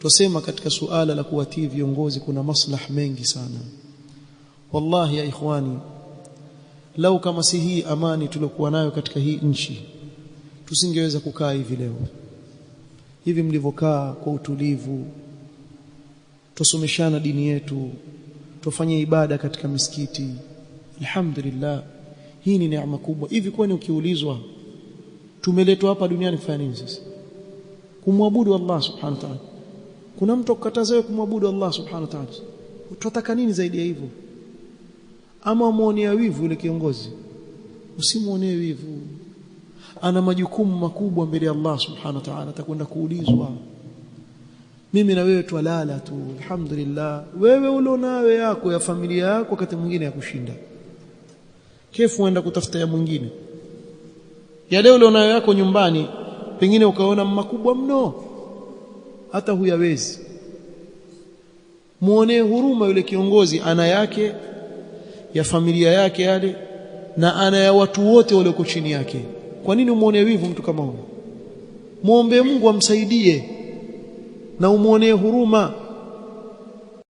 tusema katika suala la kuwatii viongozi kuna maslah mengi sana. Wallahi ya ikhwani, lau kama si hii amani tuliokuwa nayo katika hii nchi, tusingeweza kukaa hivi leo hivi mlivyokaa kwa utulivu, tusomeshana dini yetu, tufanye ibada katika misikiti. Alhamdulillah, hii ni neema kubwa. Hivi kwani ukiulizwa tumeletwa hapa duniani kufanya nini? Sasa kumwabudu Allah subhanahu wa ta'ala kuna mtu wewe kumwabudu Allah subhanahu wa ta'ala utotaka nini zaidi ya hivyo ama muonea wivu ile kiongozi usimuonee wivu ana majukumu makubwa mbele ya Allah subhanahu wa ta'ala atakwenda kuulizwa mimi na wewe twalala tu alhamdulillah wewe nawe yako ya familia yako wakati mwingine ya kushinda kefu uenda kutafuta ya mwingine yale ulionayo yako nyumbani pengine ukaona makubwa mno hata huyawezi muone huruma yule kiongozi ana yake ya familia yake yale na ana ya watu wote walioko chini yake kwa nini umuone wivu mtu kama huyo muombe Mungu amsaidie na umuone huruma